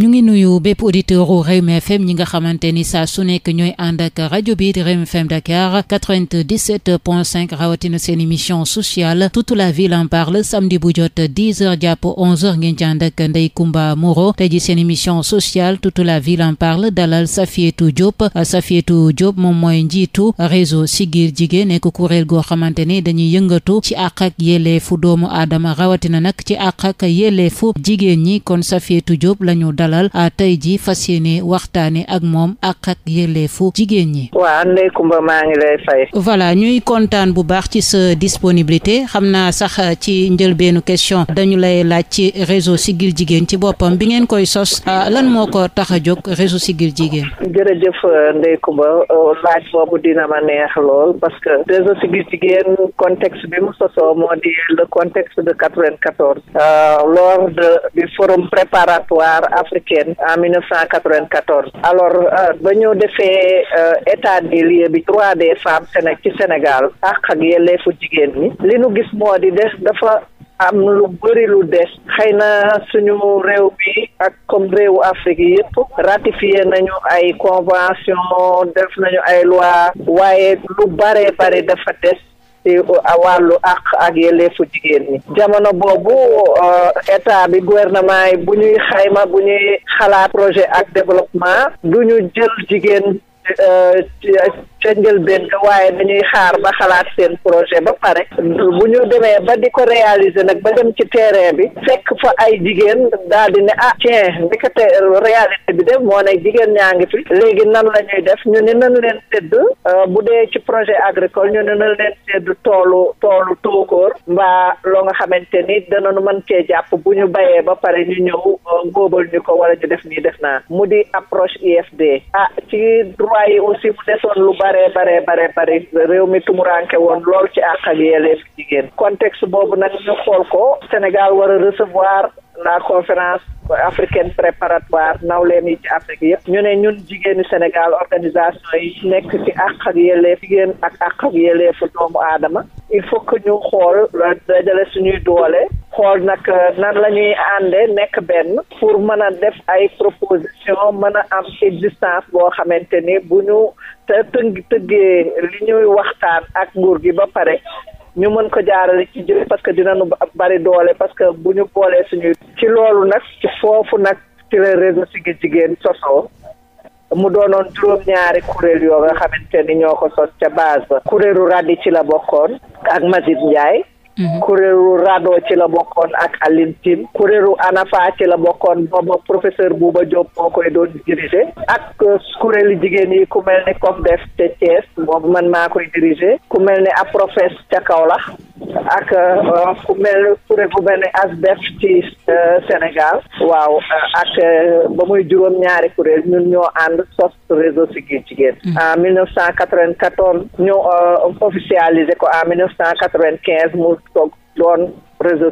ñu ngi nuyu bépp auditeur u Rewmi FM ñi nga xamante ni saa su nekk ñooy ànd ak rajo bi di Rewmi FM Dakar 97.5 rawatina seen émission sociale toute la ville en parle samedi bu jot 10 heures jàpp 11 heures ngeen ci ànd ak Ndeye Comba Moreau tey ji seen émission sociale toute la ville en parle dalal Safiétou Diop safietu Diop moom mooy njiitu réseau Siggil Jigéen nekk kuréel goo xamante ni dañuy yëngatu ci àq ak fu doomu aadama rawatina nag ci àq ak yelleefu jigéen ñi kon Safiétou Diop lañu dalal ah, tey ji fas yéene waxtaane ak moom ak ak yelleefu jigéen ñi. waa Ndeye Comba maa ngi lay fay. voilà ñuy kontaan bu baax ci sa disponibilité xam naa sax ah, ci njëlbeenu question dañu lay laaj ci réseau Siggil Jigéen ci boppam bi ngeen koy sos ah, lan moo ko tax a jóg réseau Siggil Jigéen. jërëjëf euh, Ndeye Comba euh, laaj boobu dina ma neex lool parce que réseau Siggil Jigéen contexte bi mu sosoo moo di le contexte de 94 euh, lors de du forum préparatoire africaine en 1994 alors euh, ba ñu defee euh, état des lieux bi droit des femmes Séné ci Sénégal ak ak yelleefu jigéen ñi li nu gis moo di des dafa am lu bëri lu des xëy na suñu réew bi ak comme réewu Afrique yi yëpp ratifié nañu ay convention def nañu ay loi waaye lu bare bare dafa des ci uh, wàllu àq ak yelleefu jigéen ñi jamono boobu uh, état bi gouvernement yi bu ñuy xayma bu ñuy xalaat projet ak développement du ñu jël jigéen uh, ca njëlbéen ka waaye dañuy xaar ba xalaat seen projet ba pare bu ñu demee ba di ko réaliser nag ba dem ci terrain bi fekk fa ay jigéen daal di ne ah tiens ndekete réalité bi de moo ne jigéen ñaa ngi fi léegi nan la ñuy def ñu ne nan leen sédd euh, bu dee ci projet agricole ñu ne nan leen sédd toolu toolu tookóor mbaa loo nga xamante ni danañu man cee jàpp bu ñu bayee ba pare ñu ñëw ngóobal euh, ñu ko wala ñu def nii def naa mu di approche IFD ah ci droit yi aussi bare bare bare bari réew mi tumuranke woon lool ci àq ak yelleef jigéen contexte boobu nag ñu xool ko Sénégal war a recevoir la conférence africaine préparatoire nawleem yi ci Afrique yëpp ñu ne ñun jigéenu Sénégal organisation yi nekk ci àq ak yelleef jigéen ak àq ak yelleefu doomu aadama il faut que ñu xool dajale suñuy doole xool nag euh, nan la ñuy ànde nekk benn pour mën a def ay proposition mën a am existence boo xamante ni bu ñu te tëgg tëggee li ñuy waxtaan ak nguur gi ba pare ñu mën ko jaarale ci jëf parce que dina dinañu bari doole parce que bu ñu boolee suñuy ci loolu nag foofu nag ci la réseau Jigéen sosoo mu doonoon juróom-ñaari kuréel yoo nga xamante ni ñoo ko sos ca base ba kuréelu ràddi ci la bokkoon ak Mazid Ndiaye Mm-hmm. kuréelu rado ci la bokkoon ak Aline Tine kuréelu ANAFA ci la bokkoon booba professeur Bouba Diop moo koy doon diriger ak uh, kuréelu jigéen yi ku mel ni COPDEF te Thiès boobu man maa koy diriger ku mel ni APROFES ca Kaolack ak uh, uh, ku mel ni ku mel ni ASBEF ci Sénégal waaw ak ba muy juróom-ñaari kuréel ñun ñoo ànd sos réseau Siggil Jigéen mm-hmm. en 1994 ñu officialisé ko en 1995 mu toog doon réseau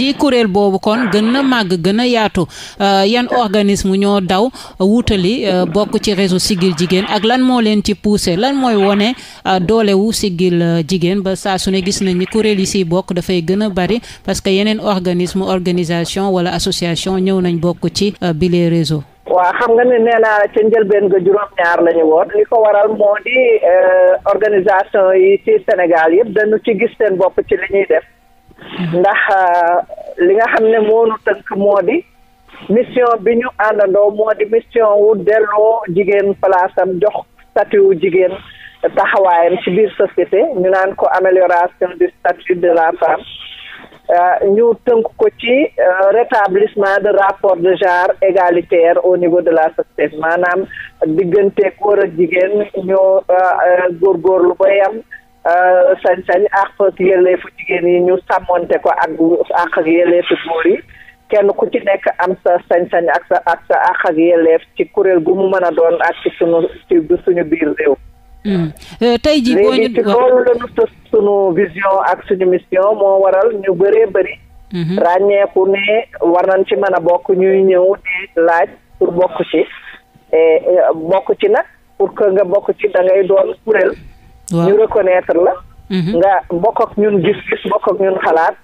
jii kuréel boobu kon gën na màgg gën a yaatu euh, yan organisme ñoo daw euh, wutali euh, bokk ci réseau Siggil Jigéen ak lan moo leen ci poussé lan mooy wone doolewu Siggil Jigéen ba saa su ne gis nañ ni kuréel yi siy bokk dafay gën a bari parce que yeneen organisme organisation wala association ñëw nañ bokk ci bile réseau. waaw xam nga ne nee naa ca njëlbeen ga juróom-ñaar la ñu woon li ko waral moo di euh, organisation yi ci Sénégal yëpp dañu ci gis seen bopp ci li ñuy def ndax euh, li nga xam ne moonu tënk moo di mission bi ñu àndandoo moo di mission wu delloo jigéen place jox statut wu jigéen taxawaayam ci biir société ñu naan ko amélioration du statut de la femme Euh, ñu tënk ko ci euh, rétablissement de rapport de genre égalitaire au niveau de la société maanaam diggante góor ak jigéen ñoo euh, góorgóorlu ba yam sañ-sañ àq ak yelleefu jigéen yi ñu sàmmonte ko ak àq ak yelleefu góor yi kenn ku ci nekk am sa sañ-sañ ak sa ak sa àq ak yelleef ci kuréel gu mu mën a doon ak suñu biir réew Hmm. Euh, tey jii boo ñu loolu la ñu tës sunu vision ak suñu mission moo waral ñu bëree bëri. Mhm. ràññeeku ne war nañ ci mën a bokk ñuy ñëw di laaj pour bokk ci euh, bokk ci nag pour que nga bokk ci dangay ngay doon kuréel. ñu reconnaître la. Mhm. nga bokk ak ñun gis-gis bokk ñun xalaat.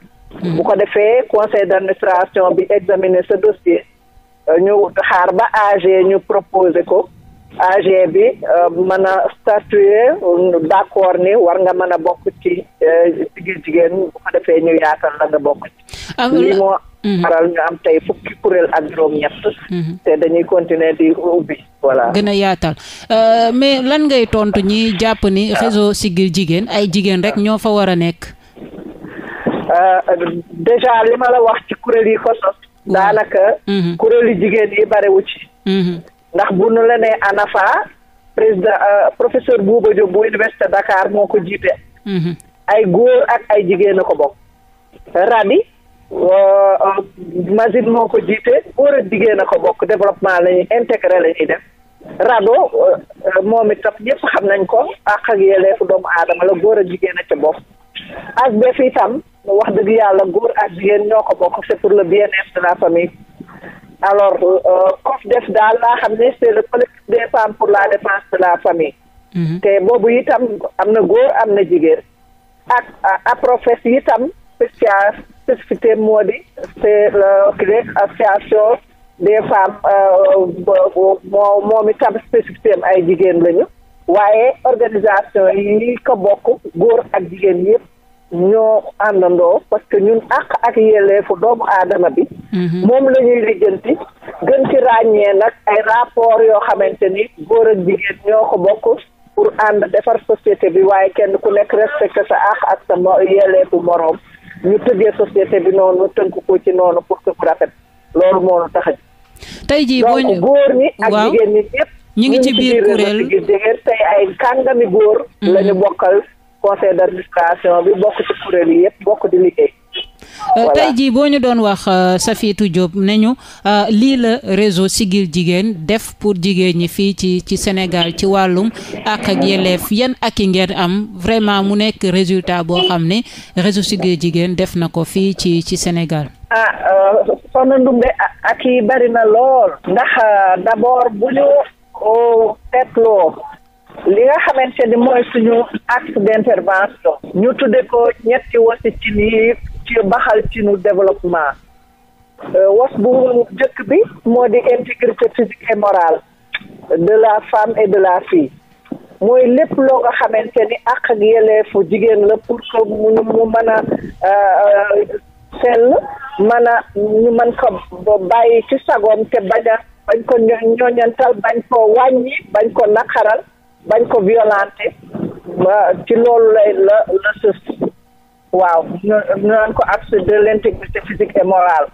Mhm. bu ko defee conseil d'administration bi examiner sa dossier. Euh, ñu xaar ba age ñu proposer ko. AG bi euh, mën a statuer euh, d'accord ni war nga mën a bokk ci sigil euh, jigéen bu defee ñu yaatal la nga bokk ci ah, lii moo mhm. waral ñu am tey fukki kuréel ak juróom-ñett mhm. te dañuy continuer di ubbi voilà gën a yaatal mais lan ngay tontu ñi jàpp ni réseau sigil jigéen ay jigéen rek ñoo fa war a nekk déjà li ma la wax ci kuréel yi ko sos daanaka mhm. kuréelu jigéen yi barewu ci ndax bu nu la nee ANAFA président euh, professeur Bouba Diop bu université Dakar moo ko jiite. Mhm. ay góor ak ay jigéen a ko bokk. RADI euh, Mazin moo ko jiite góor ak jigéen a ko bokk développement la ñuy intégré la def. rado euh, moom itam ñëpp xam nañ ko àq ak yelleefu doomu aadama la góor ak jigéen a ca bopp ak bef itam wax dëgg yàlla góor ak jigéen ñoo ko bokk c'est pour le bien-être de la famille alors COSDEF euh, euh, daal laa xam ne c'est le collectif des femmes pour la défense de la famille. Mhm. te boobu itam am na góor am na jigéen. ak euh, APROFES itam spécial spécificité moo di c'est le association des femmes moo moom itam spécificité am ay jigéen lañu. waaye organisation yi ko bokk góor ak jigéen yépp ñoo àndandoo parce que ñun àq ak yelleefu doomu aadama bi. Mm-hmm. moom la ñuy lijjanti gën ci ràññee nag ay rapport yoo xamante ni góor ak jigéen ñoo ko bokk pour ànd defar société bi waaye kenn ku nekk respecté sa àq ak sa yelleefu moroom ñu tëggee société bi noonu tënk ko ci noonu pour que rafet loolu moo tax a. tey jii boo ñu góor ni ak jigéen ñi ñu ngi ci biir kuréel ñu ngi tey ay kàngami góor. Mm-hmm. la ñu bokkal conseil d'administration bi bokk ci kuréel yi yëpp bokk di liggéey. Euh, voilà jii boo ñu doon wax euh, Safietou jóob nañu euh, lii la réseau sigir Jigéen def pour jigéen ñi fii ci ci Sénégal ci wàllum ak ak yelleef yan ak i ngeen am vraiment mu nekk résultat boo xam ne réseau Siggil Jigéen def na ko fii ci ci Sénégal. ah Ndumbe ak yi bari na lool. ndax dabor bu ñu teetloo li nga xamante ni mooy suñu axe d'intervention. ñu tudde ko ñetti wasi ci nii ci baxal ci nu développement euh, was bu njëkk bi moo di intégrité physique et morale de la femme et de la fille mooy lépp loo nga xamante ni àq ak yelleefu jigéen la pour que mu mu mën a euh, sell mën a ñu mën ko bàyyi ci sagoom te bañ a bañ ko ñooñantal bañ ko wàññi bañ ko naqaral bañ ko violenté ci loolu lay la la sës waaw ñu naan ko axe de l'intégrité physique et morale.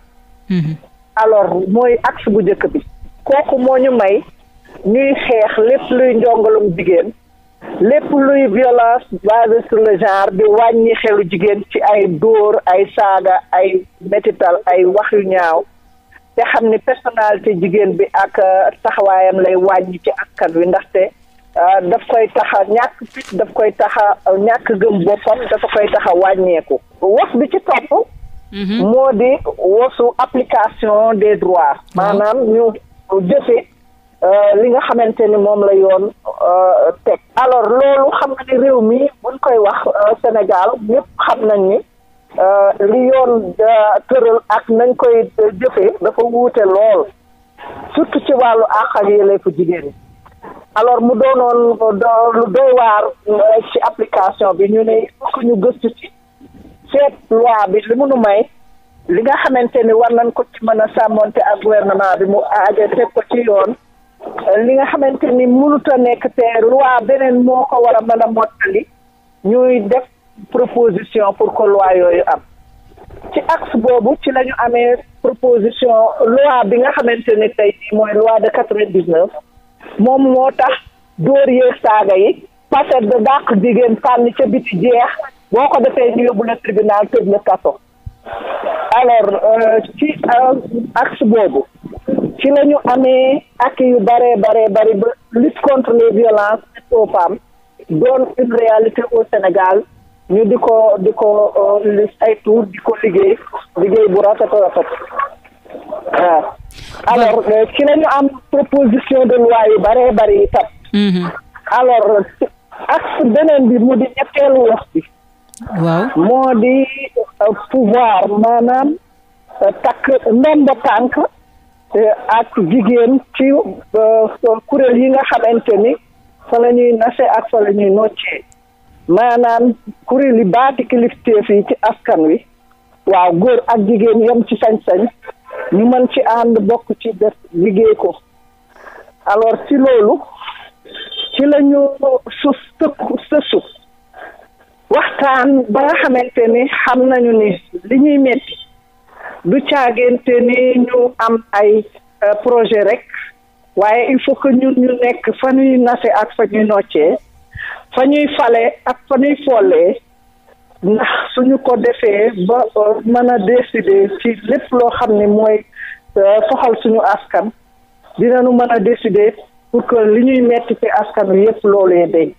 Mm-hmm. alors mooy axe bu njëkk bi. kooku moo ñu may ñuy xeex lépp luy njongalum jigéen lépp luy violence basée sur le genre di wàññi xelu jigéen ci ay dóor ay saaga ay métital ay wax yu ñaaw te xam ni personnalité jigéen bi ak euh, taxawaayam lay wàññi ci akkan wi ndaxte. Euh, daf koy tax a ñàkk fit daf koy tax euh, ñàkk gëm boppam dafa koy tax wàññeeku was bi ci topp mhm. moo di wasu application des droits mhm. maanaam ñu jëfe euh, li nga xamante ni moom la yoon teg alors loolu xam nga ni réew mi buñ koy wax Sénégal ñëpp xam nañ ni li yoon tëral ak nañ koy jëfe dafa wuute lool surtout ci wàllu àq ak yelleefu jigéen alors mu doonoon lu doy waar ci application bi ñu ne fokk ñu gëstu ci seet loi bi li mu may li nga xamante ni war nañ ko ci mën a sàmmonte ak gouvernement bi mu aaje teg ko ci yoon li nga xamante ni mënut a nekk te loi beneen moo ko war a mën a mottali ñuy def proposition pour que loi yooyu am ci axe boobu ci la ñu amee proposition loi bi nga xamante ni tey jii mooy loi de quatre-vingt-dix-neuf moom moo tax dóor yeeg saaga yi paset da dàq jigéen fànn ca biti jeex boo ko defee ñu yóbbu la tribunal tëj la kaso alors euh, ci euh, axe boobu ci la amee ak yu bare bare bari ba lutte contre les violences faites aux doon une réalité au Sénégal ñu di ko di ko euh, di ko liggéey liggéey bu rafet a rafet waaw alors euh, ci la ñu am proposition de loi yu bëree bëri itam. Mhm. alors ak beneen bi mu di ñetteelu wax bi. waaw moo di euh, pouvoir maanaam euh, takk ndomba tànk ak jigéen ci kuréel yi nga xamante ni fa la ñuy ak fa la ñuy noccee maanaam kuréel yi baati kilifteef yi ci askan wi waaw góor ak jigéen yam ci sañ-sañ ñu mën ci ànd bokk ci def liggéey ko alors ci loolu ci la ñu sëkku sësu waxtaan ba xamante ni xam nañu ni li ñuy metti du caagante ni ñu am ay euh, projet rek waaye il faut que ñun ñu nekk fa ñuy nase ak fa ñuy noccee fa ñuy fale ak fa ñuy follee ndax suñu ko defee ba euh, mën a décider ci lépp loo xam ne mooy euh, soxal suñu askan dina dinañu mën a décider pour que li ñuy metti ci askan wi yépp loolee day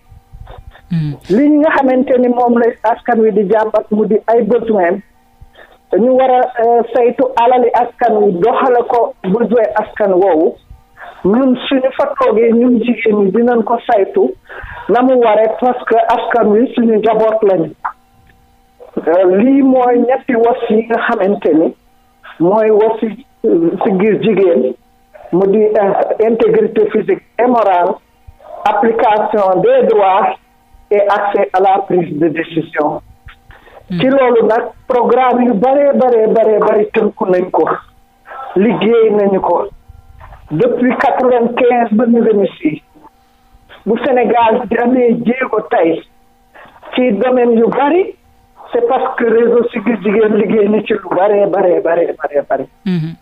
hmm. li nga xamante ni moom la askan wi di jàmbat mu di ay besoin dañu war a euh, saytu alali askan wi doxale ko besoin askan woowu ñun suñu fa toogee ñun jigéen ñi dinañ ko saytu na mu waree parce que askan wi suñu njaboot lañu Euh, lii mooy ñetti was yi nga xamante ni mooy was si euh, ngir jigéen mu di euh, intégrité physique et morale application des droits et accès à la prise de décision hmm. ci loolu nag programme yu bëree bëree bëree bëri tënku nañ ko liggéey nañu ko depuis quatre vingt quinze bu Sénégal di amee jéego tey ci domaine yu bëri c'est parce que réseau Siggil Jigéen liggéey ni ci lu bare bare bare bare mhm.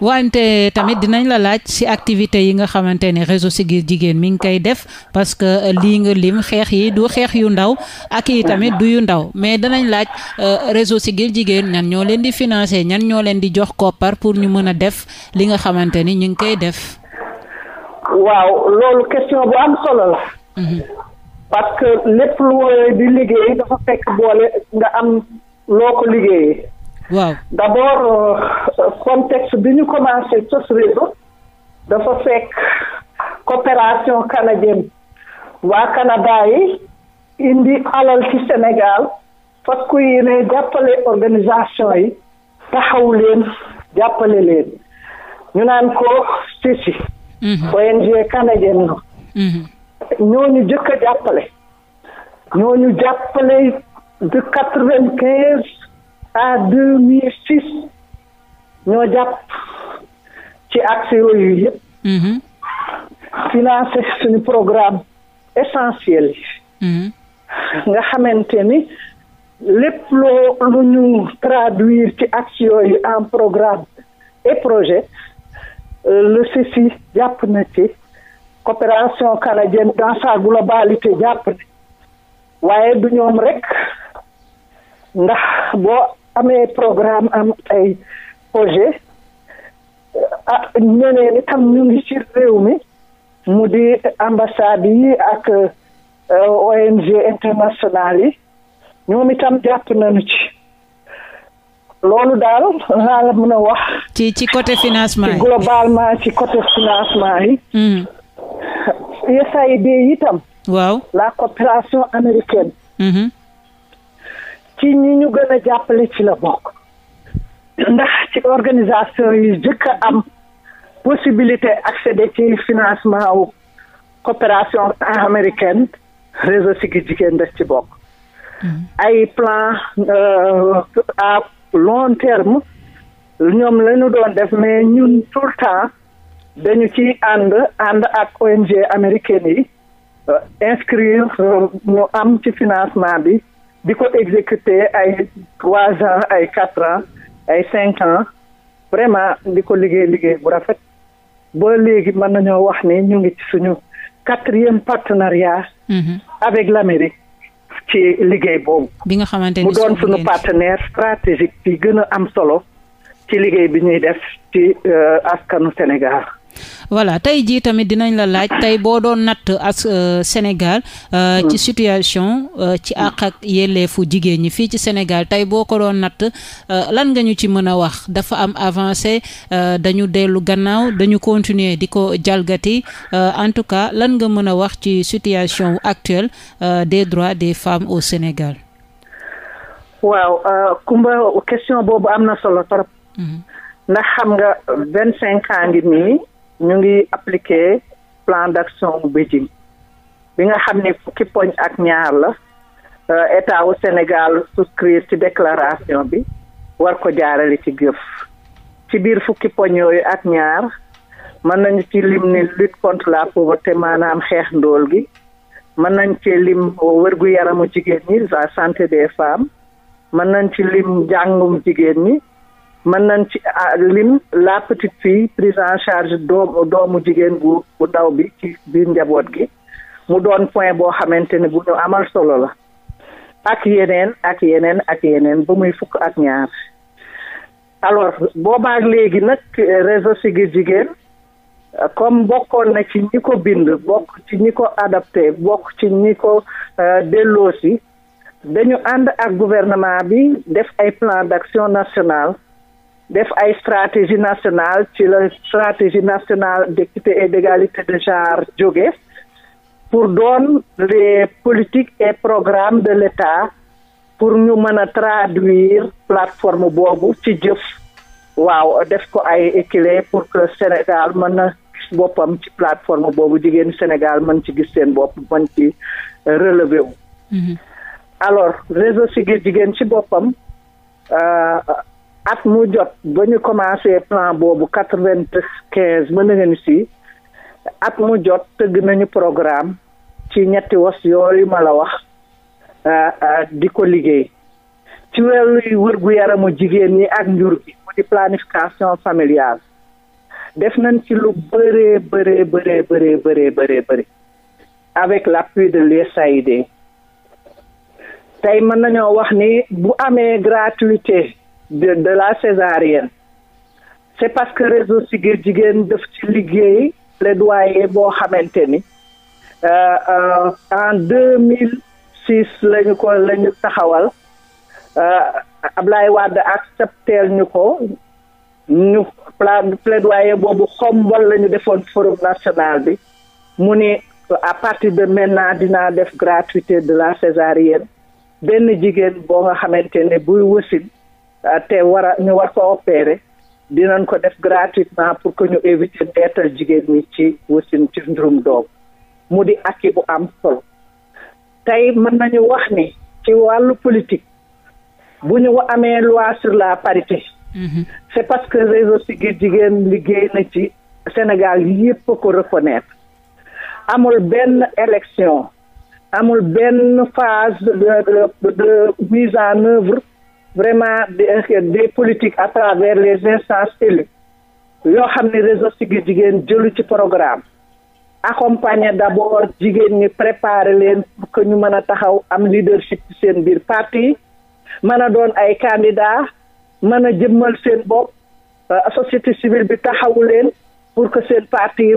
wante tamit dinañ la laaj ci activité yi nga xamante ne si Siggil Jigéen mi ngi koy def parce que euh, lii nga lim xeex yi du xeex yu ndaw ak yi tamit du yu ndaw mais danañ laaj euh, réseau si Siggil Jigéen ñan ñoo leen di financé ñan ñoo leen di jox koppar pour ñu mën a def li nga xamante ni ñu ngi koy def waaw loolu question bu am solo la mhm. parce que lépp lu woyee bi liggéey dafa fekk boole nga am loo ko liggéeyee. waaw d' abord euh, contexte bi ñu commencé sos réseau dafa fekk coopération canadienne waa Canada yi indi alal ci Sénégal fas ku yéene jàppale organisation yi taxaw leen jàppale leen ñu naan ko CICI. Mhm. ONG canadienne la. Mhm. ñoo ñooñu jëkk a jàppale ñooñu jàppale de quatre vingt quinze à deux six ñoo jàpp ci accès yooyu yëpp mhm. financé suñu programme essentiel mhm. nga xamante ni lépp loo lu ñu traduire ci actions yooyu en programme et projet euh, le jàpp na ci coopération canadienne dans sa jàpp jàppale waaye du ñoom rek ndax boo amee programme am ay projet ah ñeneen ñu ngi ci réew mi mu di ambassade yi ak euh, ONG internationale yi ñoom itam jàpp nañu ci loolu daal laa la mën a wax. ci ci côté financement yi globalement ci côté financement yi. Hmm. USAID itam. waaw la coopération américaine. Mm-hmm. ci ñi ñu gën a jàppale ci la bokk. ndax ci organisation yi jëkk a am possibilité accéder ci financement wu coopération américaine réseau Siggi Jigéen def ci bokk. Mm-hmm. ay plan euh, à long terme ñoom la ñu doon def mais ñu tout le temps. dañu ci ànd ànd ak ONG américaine yi euh, inscrire euh, ñu am ci financement bi di ko exécuter ay trois ans ay quatre ans ay cinq ans vraiment di ko liggéey liggéey bu rafet ba léegi mën nañoo wax ni ñu ngi ci suñu quatrième partenariat. Mhm. avec l'Amérique ci liggéey boobu. bi nga xamante ni doon suñu partenaire stratégique bi gën a am solo ci liggéey bi ñuy def ci euh, askanu Sénégal. voilà tey jii tamit dinañ la laaj tey boo doon natt ak euh, Sénégal euh, hmm. ci situation euh, ci àq ak yelleefu jigéen ñi fii ci Sénégal tey boo ko doon natt lan nga ñu ci mën a wax dafa am avancé dañu dellu gannaaw dañu continuer di ko jalgati en tout cas lan nga mën a wax ci situation actuelle des droits des femmes au Sénégal. waaw Kumba question boobu am na solo trop. Hmm. ndax xam nga vingt cinq ans ngi nii. ñu ngi appliquer plan d'action bu Beijing bi nga xam ne fukki poñ ak ñaar la euh, état wu Sénégal souscrire ci déclaration bi war ko jaarale ci gëf ci biir fukki poñ yooyu ak ñaar mën nañ ci lim ne lutte contre la pauvreté maanaam xeex ndool gi mën nañ ci lim wërgu yaramu jigéen ñi sa santé des femmes mën nañ ci lim njàngum jigéen ñi mën nañ ci ah, lim la petite fille prise en charge doom doomu jigéen bu bu ndaw bi ci biir njaboot gi mu doon point boo xamante ne bu ñu amal solo la ak yeneen ak yeneen ak yeneen ba muy fukk ak ñaar alors boobaak léegi nag réseau Siggil Jigéen comme bokkoon na ci ñi ko bind bokk ci ñi ko adapté bokk ci ñi ko euh, delloosi dañu ànd ak gouvernement bi def ay plan d'action national def ay stratégie nationale ci la stratégie nationale d'équité et d'égalité de genre jóge pour doon les politiques et programmes de l'État pour ñu mën a traduire plateforme boobu ci jëf waaw def ko ay équilé pour que Sénégal mën a gis boppam ci platforme boobu jigéen Sénégal mën ci gis seen bopp mën ci euh, relever wu mm-hmm. alors réseau Siggil Jigéen ci boppam euh, at mu jot ba ñu commencé plan boobu quatre vingt quinze mën nañu si at mu jot tëgg nañu programme ci ñetti was yooyu ma la wax euh, euh, di ko liggéey ci wàllu wërgu yaramu jigéen ñi ak njur gi mu di planification familiale def nañ ci lu bëree bëree bëree bëree bëree avec l'appui de l'USAID tey mën nañoo wax ni bu amee gratuité de la césarienne c'est parce que réseau Siggil Jigéen def ci liggéey plaidoyer boo xamante ni euh, euh, en deux mille six lañu ko lañu taxawal euh, Ablaye Wade accepteel ñu ko ñu plaidoyer boobu xombol la ñu defoon forum national bi mu ni à partir de maintenant dinaa def gratuité de la césarienne benn jigéen boo nga xamante ne buy wësin Euh, te war a ñu war ko opérer dinañ ko def gratuitement pour que ñu éviter deetal jigéen ñi ci wasin ci njurum doom mu di akki bu am solo tey mën nañu wax ni ci wàllu politique bu ñu amee loi sur la parité mhm. c'est parce que réseau Siggil Jigéen liggéey na ci Sénégal yépp ko reconnaître amul benn élection amul benn phase de de de mise en œuvre vraiment des, euh, des politiques à travers les instances élues yoo xam ne réseau Siggil Jigéen jëlu ci programme accompagner d'abord jigéen ñi préparer leen pour que ñu mën a taxaw am leadership ci seen biir parti mën a doon ay candidat mën a jëmmal seen bopp euh, société civile bi taxawu leen pour que seen parti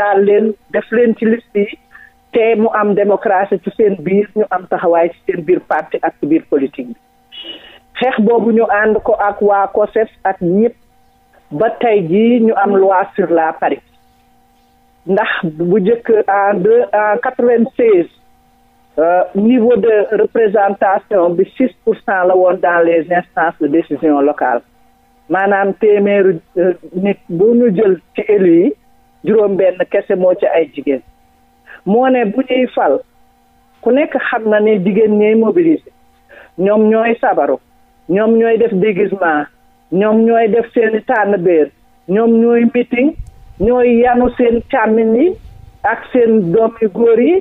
daal leen def leen ci liste yi te mu am démocratie ci seen biir ñu am taxawaay ci seen biir parti ak biir politique bi xeex boobu ñu ànd ko ak waa COSEF ak ñëpp ba tey jii ñu am loi sur la paris ndax bu njëkk en deux en quatre-vingt-seize euh, niveau de représentation bi six pour cent la woon dans les instances de décision locale maanaam téeméeru euh, nit bu ñu jël ci élu yi juróom-benn kese moo ci ay jigéen moo ne bu ñuy fal ku nekk xam na ne jigéen ñooy mobiliser ñoom ñooy sabaru. ñoom ñooy def déguisement ñoom ñooy def seeni i tànn béer ñoom ñooy meeting ñooy yanu seen càmmiñ yi ak seen doom yu góor yi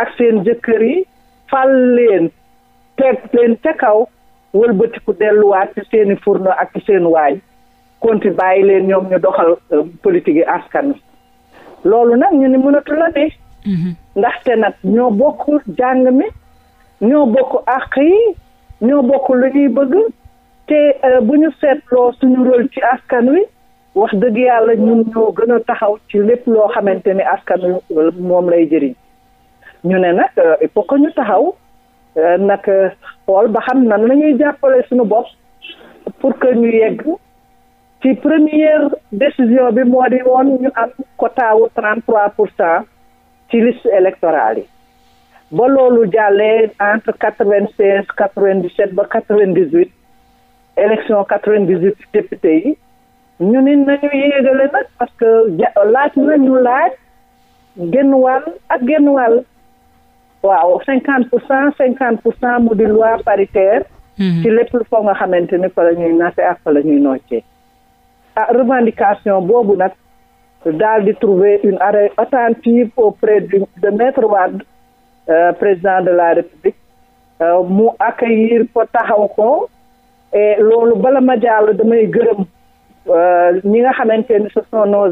ak seen jëkkër yi fal leen teg leen ca kaw wëlbatiku delluwaat ci seen furno ak ci seen waañ konti bàyyi leen ñoom ñu doxal euh, politik yi askan wi loolu nag ñu ni mënatu la ne mm-hmm. ndaxte nag ñoo bokk jàng mi ñoo bokk àq yi ñoo bokk lu ñuy bëgg te euh, bu ñu seetloo suñu rôle ci askan wi wax dëgg yàlla ñun ñoo gën a taxaw ci lépp loo xamante ni askan wi euh, moom lay jëriñ ñu ne nag euh, il faut ñu taxaw nag xool ba xam nan la ñuy jàppale suñu bopp pour que ñu yegg ci première décision bi moo di woon ñu am quota wu 33 pour cent ci liste électorale yi ba loolu jàllee entre quatre vingt seize quatre vingt dix sept ba quatre vingt dix huit élection quatre vingt dix huit député yi ñu ni nañu yéegale nag parce que laaj nañu laaj génn wàll ak génn wàll waaw cinquante pour cent cinquante pour cent mu di loi paritaire mhm. ci lépp lu foo nga xamante ni fa la ñuy nase la ñuy noccee ah revendication boobu nag daal di trouver une oreille attentive auprès de maître Wade Euh, président de la république euh, mu accueillir ko taxaw ko et loolu bala ma jàll damay gërëm euh, ñi nga xamante ni ce sont nos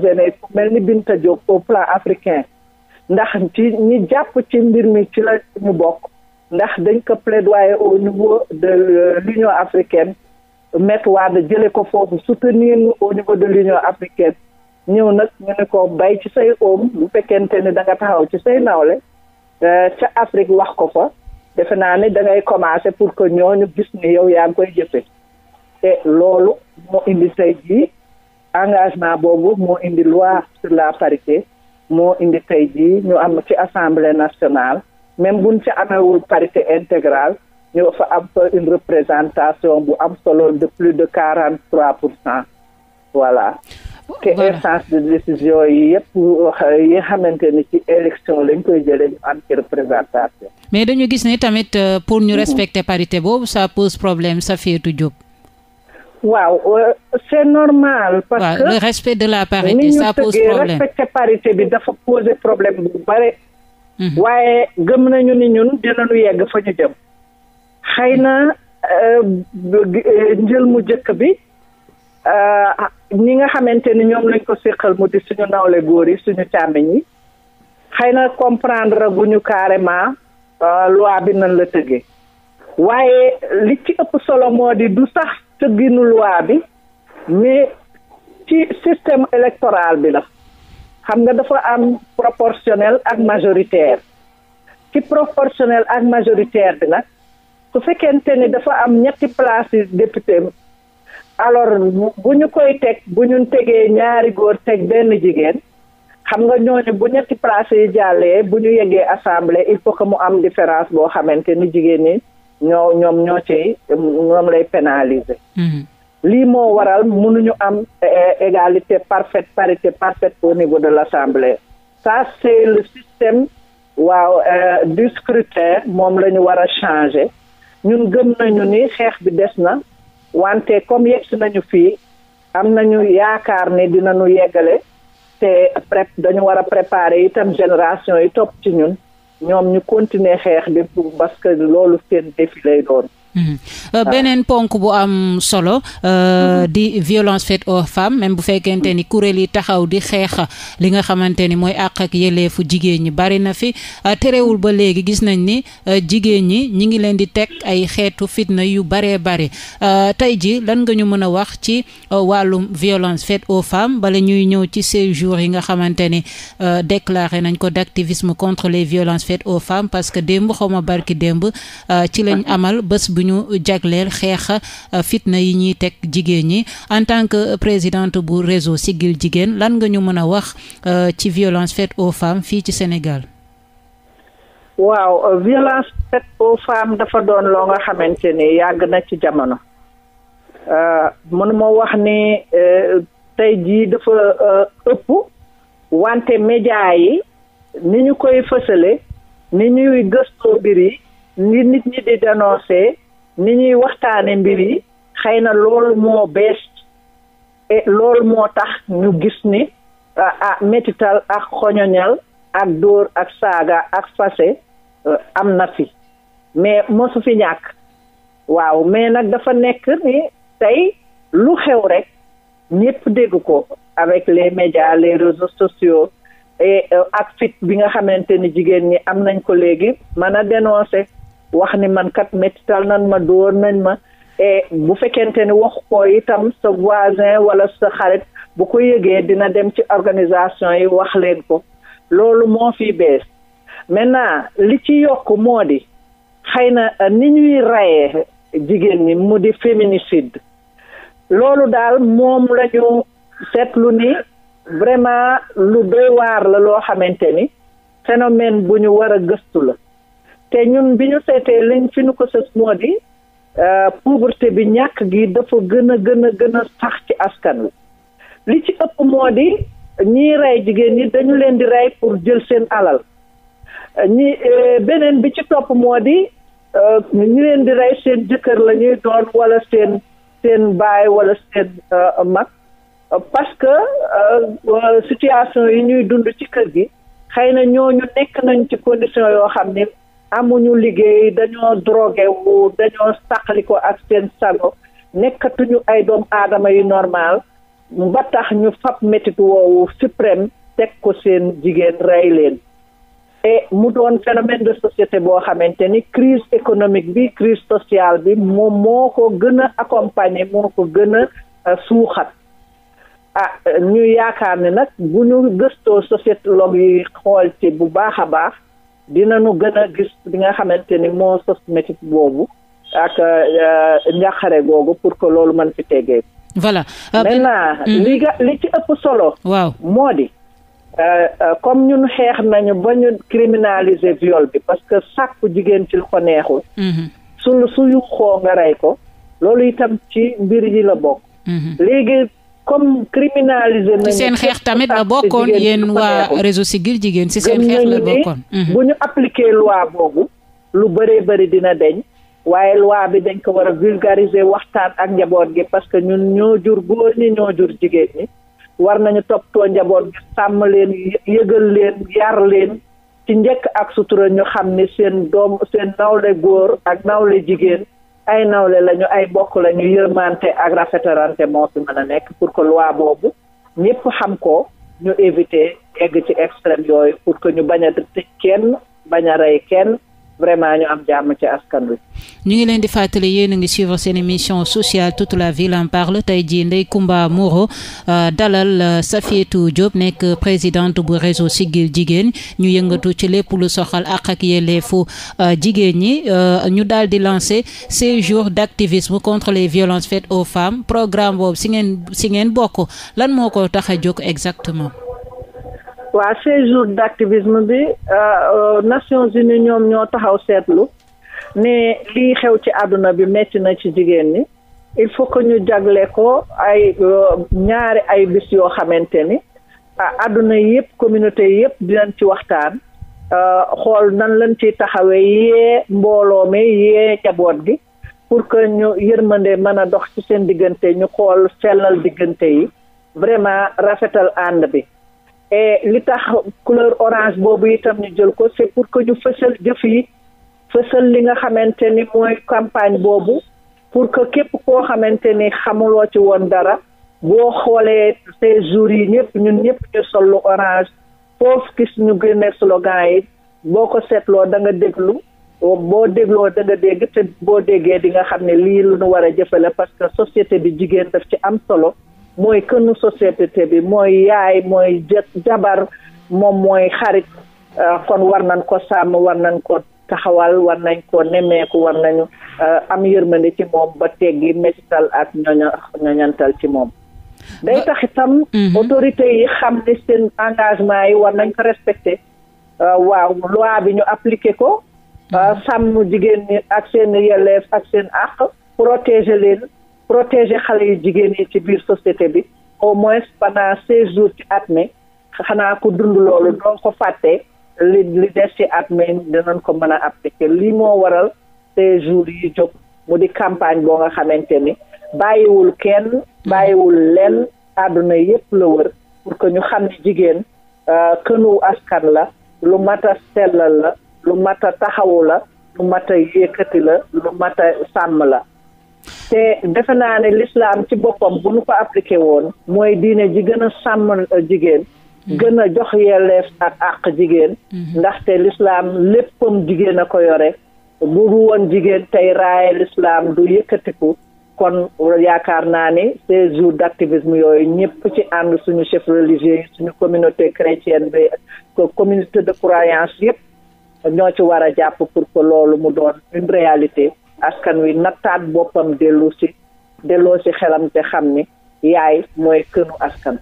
mel ni Binta Diop au plan africain ndax ci ñi jàpp ci mbir mi ci la ñu bokk ndax dañ ko plaidoyer au niveau de l'Union africaine Maître Wade jële ko foofu soutenir ñu au niveau de l'Union africaine ñëw nag ñu ne ko bay ci say oom bu fekkente ni da taxaw ci say nawle Euh, ca Afrique wax ko fa defe naa ni da ngay commencer pour que ñoo ñooñu gis ni yow yaa ngi koy jëfee te loolu moo indi tey ji engagement boobu moo indi loi sur la parité moo indi tey jii ñu am ci assemblée nationale même buñ ci amewul parité intégrale ñu fa am fa une représentation bu am solo de plus de quarante trois pour cent voilà te instance de décision yi yëpp yi xamante ni ci élection lañ koy jële ñu am ci représentation. mais dañu gis ne tamit euh, pour ñu respecter parité boobu ça pose problème Safiétou Diop. waaw euh, c'est normal. parce que le respect de la parité ça pose problème parité bi dafa poser problème bu bare. waaye gëm nañu ni ñun dinañu yegg fa ñu jëm. xëy na euh, njël mu jëkk bi. Euh, ñi nga xamante ni ñoom lañ ko séqal mu di suñu nawle góor yi suñu càmmiñ yi xëy na comprendre gu ñu carrément euh, loi bi nan la tëggee waaye li ci ëpp solo moo di du sax tëgginu loi bi mais ci système électoral bi la xam nga dafa am proportionnel ak majoritaire ci proportionnel ak majoritaire bi nag su fekkente ni dafa am ñetti places député alors bu ñu koy teg bu ñu tegee ñaari góor teg benn jigéen xam nga ñooñu bu ñetti place yi jàllee bu ñu yeggee assemblée il faut que mu am différence boo xamante ni jigéen ñi ñoo ñoom ñoo ci ñoom lay pénaliser. Mhm. lii moo waral mënuñu am e, e, égalité parfaite parité parfaite au niveau de l'assemblée ça c'est le système waaw e, du scrutin moom la ñu war a changer ñun gëm nañu ni xeex bi des na wante comme yegg nañu fii am nañu yaakaar ne dinañu yeggale te prép dañu war a préparer itam génération yi topp ci ñun ñoom ñu continuer xeex bi pour parce que loolu seen défi lay doon Euh, ah. beneen ponk bu am solo euh, mhm. di violence faite aux femmes même bu fekkente ni kuréel yi taxaw di xeex li nga xamante ni mooy àq ak yelleefu jigéen ñi bari na fi euh, terewul ba léegi gis nañ ni jigéen ñi ñi ngi leen di teg ay xeetu fitna yu baree bari tey ji lan nga ñu mën a wax ci wàllum violence faite aux femmes bala ñuy ñëw ci séjour yi nga xamante ni déclaré nañ ko d'activisme contre les violences faites aux femmes parce que démb xaw ma barki démb ci lañ amal bés bu yu ñu jagleel xeex euh, fitna yi ñuy teg jigéen ñi en tant que présidente bu réseau Siggil Jigéen lan nga ñu mën a wax euh, ci violence faite aux femmes fii ci Sénégal. waaw euh, violence faite aux femmes dafa doon loo nga xamante ni yàgg na ci jamono mënuma wax ni tey jii dafa ëpp wante média yi ni ñu koy fësale ni ñuy gëstoo mbir yi nit ñi di dénoncer ni ñuy waxtaane mbir yi xëy na loolu moo bees loolu moo tax ñu gis ni ah, ah métital ak xoñoñal ak dóor ak saaga ak fase eh, am na fi mais mësu fi ñàkk waaw mais nag dafa nekk ni tey lu xew rek ñëpp dégg ko avec les médias les réseaux sociaux eh, ak fit bi nga xamante ni jigéen ñi am nañ ko léegi mën a dénoncer wax ni man kat métital nan ma dóor nañ ma et bu fekkente ni wax ko itam sa voisin wala sa xarit bu ko yëgee dina dem ci organisation yi wax leen ko loolu moo fi bees maintenant li ci yokk moo di xëy na euh, ni ñuy reyee jigéen ñi mu di féminicide loolu daal moom la ñu seetlu ni vraiment lu doy waar la loo xamante ni phénomène bu ñu war a gëstu la te ñun bi ñu seetee liñ fi ñu ko sës moo di euh, pauvreté bi ñàkk gi dafa gën a gën a gën a sax ci askan wi li ci ëpp moo di ñiy rey jigéen ñi dañu leen di rey pour jël seen alal ñi euh, beneen bi ci topp moo di euh, ñu leen di rey seen jëkkër lañuy ñuy doon wala seen seen baay wala seen mag parce que situation yi ñuy dund ci kër gi xëy na ñooñu nekk nañ ci condition yoo xam ni amuñu liggéey dañoo drogué dañoo sàqali ko ak seen sago nekkatuñu ay doomu aadama yu normal ba tax ñu fab métit woowu suprême teg ko seen jigéen rey leen et mu doon phénomène de société boo xamante ni crise économique bi crise sociale bi moom moo ko gën a accompagner moo ko gën a suuxat ah ñu yaakaar ne nag bu ñu gëstoo sociétologue yi xool ci bu baax a baax dinañu gën a gis li nga xamante ni moo sos métit boobu ak euh, njàqare googu pour que loolu man fi tegee voilà euh, maintenant mm-hmm. li ga li ci ëpp solo waaw moo di euh, comme ñun xeex nañu ba ñu criminaliser viol bi parce que sàkku jigéen ci lu ko neexul mm-hmm. su suyu xoo nga rey ko loolu itam ci mbir yi la bokk mm-hmm. léegi comme criminaliser nañu. ci seen xeex tamit la bokkoon yéen waa réseau Siggil Jigéen ci seen xeex la bokkoon. Mhm. bu ñu appliquer loi boobu lu bëree bëri dina deñ waaye loi bi dañ ko war a vulgariser waxtaan ak njaboot gi parce que ñun ñoo jur góor ñi ñoo jur jigéen ñi war nañu toppatoo njaboot gi sàmm leen yëgal leen yar leen ci njëkk ak sutura ñu xam ni seen doom seen nawle góor ak nawle jigéen ay nawle lañu ay bokk lañu yërmante ak rafetalante moo fi mën a nekk pour que loi boobu ñëpp xam ko ñu éviter egg ci extrême yooyu pour que ñu bañ a kenn bañ a rey kenn vraiment ñu am jàmm ñu ngi leen di fàttali yéen a ngi suivre seen émission sociale toute la ville en parle tey jii Ndeye Comba Moreau euh, dalal euh, Safiétou Diop nekk présidente bu réseau Siggil Jigéen ñu yëngatu ci lépp lu soxal àq ak yelleefu euh, jigéen ñi ñu daal di lancer six jours d'activisme contre les violences faites aux femmes programme boobu si ngeen si ngeen bokk lan moo ko tax a jóg exactement. waa seize jours d' activisme bi euh, euh, Nations Unies ñoom ñoo taxaw seetlu ne lii xew ci àdduna bi metti na ci jigéen ñi il faut que ñu jagle ko ay euh, ñaari ay bis yoo xamante ni a ah, àdduna yëpp communauté yëpp dinañ ci waxtaan xool nan lañ ci taxawee yee mbooloo mi yee jaboot gi pour que ñu yërmande mën a dox ci seen diggante ñu xool sellal diggante yi vraiment rafetal ànd bi et li tax couleur orange boobu itam ñu jël ko c'est pour que ñu fësal jëf yi fësal li nga xamante ni mooy campagne boobu pour que képp koo xamante ni xamuloo ci woon dara boo xoolee ces yi ñëpp ñun ñëpp ñu sol lu orange foofu gis ñu génne slogan yi boo ko seetloo da nga déglu boo dégloo da nga dégg te boo déggee di nga xam ne lii lu ñu war a la parce que société bi jigéen daf ci am solo mooy kënnu société bi mooy yaay mooy jabar moom mooy xarit euh, kon war nañ ko sàmm war nañ ko taxawal war nañ ko nemmeeku war nañu euh, am yërmande ci moom ba teggi métital ak ñoña ñoñantal ci moom day tax itam mm-hmm. autorité yi xam ne seen engagement yi war nañ ko respecté euh, waaw loi bi ñu appliquer ko mm-hmm. sàmm jigéen ñi ak seen yelleef ak seen àq protéger leen protéger xale yu jigéen yi ci biir société bi au moins pendant seize jours ci at mi xanaa ko dund loolu doon ko fàtte li li des ci at mi dinañ ko mën a appliquer lii moo waral seize jours yi jóg mu di campagne boo nga xamante ni bàyyiwul kenn bàyyiwul lenn àdduna yépp la wër pour que ñu xam ne jigéen euh, kënu askan la lu mat a sellal la lu mat a taxawu la lu mat a la lu mat a sàmm la te defe naa ne lislaam ci boppam bu nu ko appliqué woon mooy diine ji gën a sàmm euh, jigéen mm. gën a jox yelleef ak àq jigéen mm-hmm. ndaxte lislaam léppam jigéen a ko yore bu du woon jigéen tey raaye lislaam du yëkkatiku kon yaakaar naa ni ces jours d'activisme yooyu ñëpp ci ànd suñu chef religieux yi suñu communauté chrétienne bi communauté de croyance yëpp ñoo ci war a jàpp pour que loolu mu doon une réalité askan wi nattaat boppam dellu si delloo si xelam te xam ni yaay mooy kënu askan.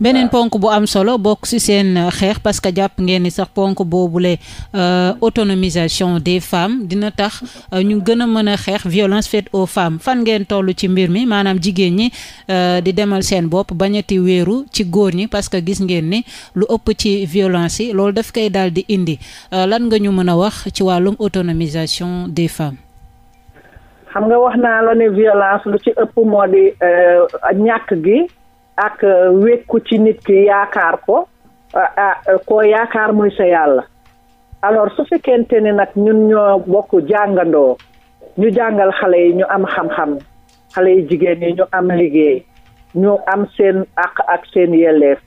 beneen ponk bu am solo bokk ci seen xeex parce que jàpp ngeen ni sax ponk boobule euh, autonomisation des femmes dina tax euh, ñu gën a mën a xeex violence faite aux femmes fan ngeen tollu ci mbir mi maanaam jigéen ñi euh, di demal seen bopp bañati wéeru ci góor ñi parce que gis ngeen ni lu ëpp ci violence yi loolu daf koy dal di indi lan nga ñu mën a wax ci wàllum autonomisation des femmes. xam nga wax naa la ne violence lu ci ëpp moo di euh, ñàkk gi ak euh, wékku ci nit ki yaakaar ko euh, ah, koo yaakaar muy sa yàlla alors su fekkente ne nag ñun ñoo bokk jàngandoo ñu jàngal xale yi ñu am xam-xam xale yi jigéen yi ñu am liggéey ñu am seen àq ak seen yelleef